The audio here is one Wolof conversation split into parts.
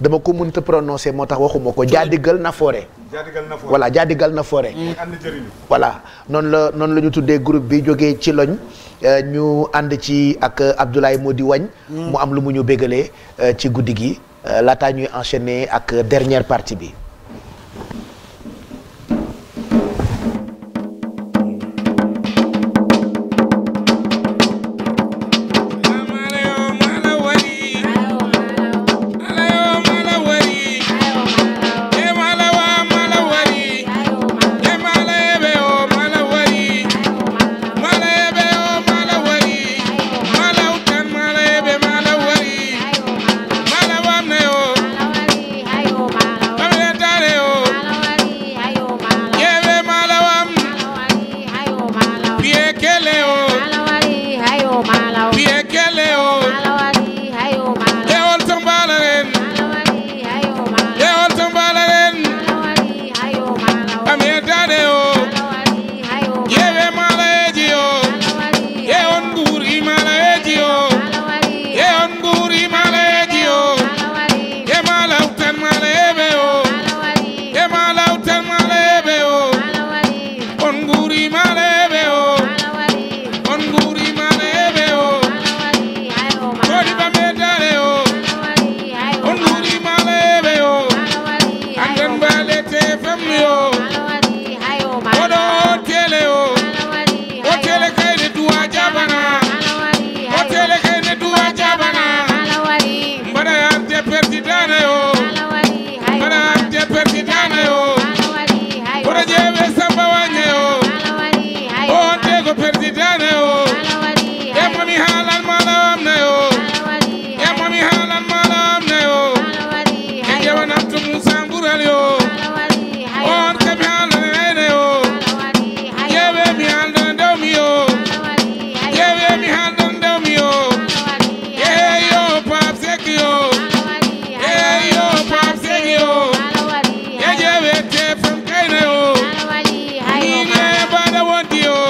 dama ko mënta prononcer moo tax waxuma ko jaadigal na foore jaadigal na foore jaadigal na foore ànd noonu la noonu la ñu tuddee groupe bi jógee ci loñ euh, ñu ànd ci ak Abdoulaye Mody Wagne mm. mu am lu mu ñu béggalee euh, ci guddi gi euh, laataa ñuy enchaîner ak dernière partie bi Tokyo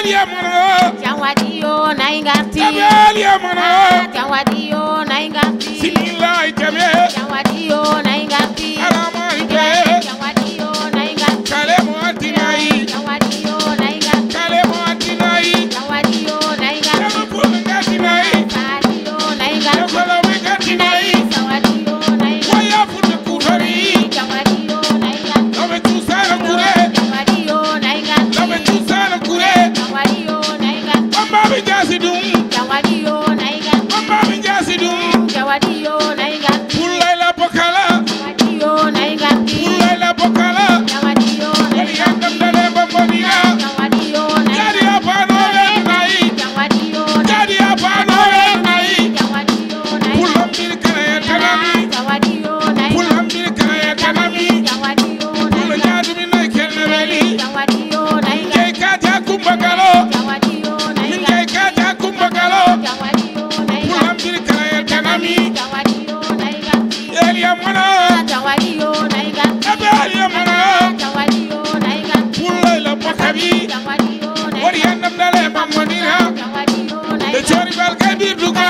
Jawadiyo mana. Jawadiyo na ingati. Jawadiyo mana. Ah, Jawadiyo na ingati. Sinila iteme. Jawadiyo na ingati. Ara Daddy, oh, ha da cori bal kabir du ko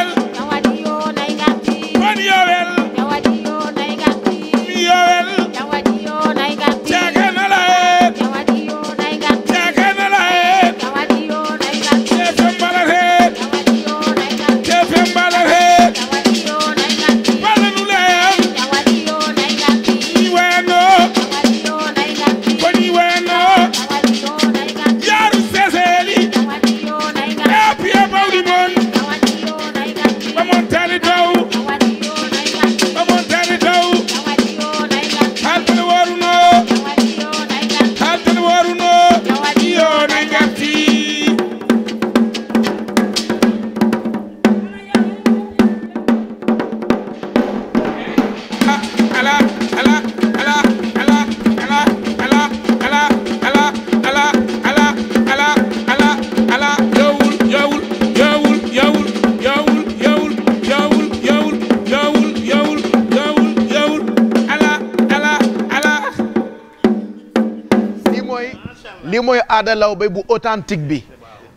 lii mooy aada lawbe bu authentique bi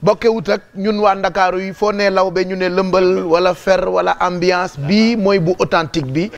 bokkewut ak ñun waa ndakaaru yi foo ne lawbe ñu ne lëmbal wala fer wala ambience bii mooy bu authentique bi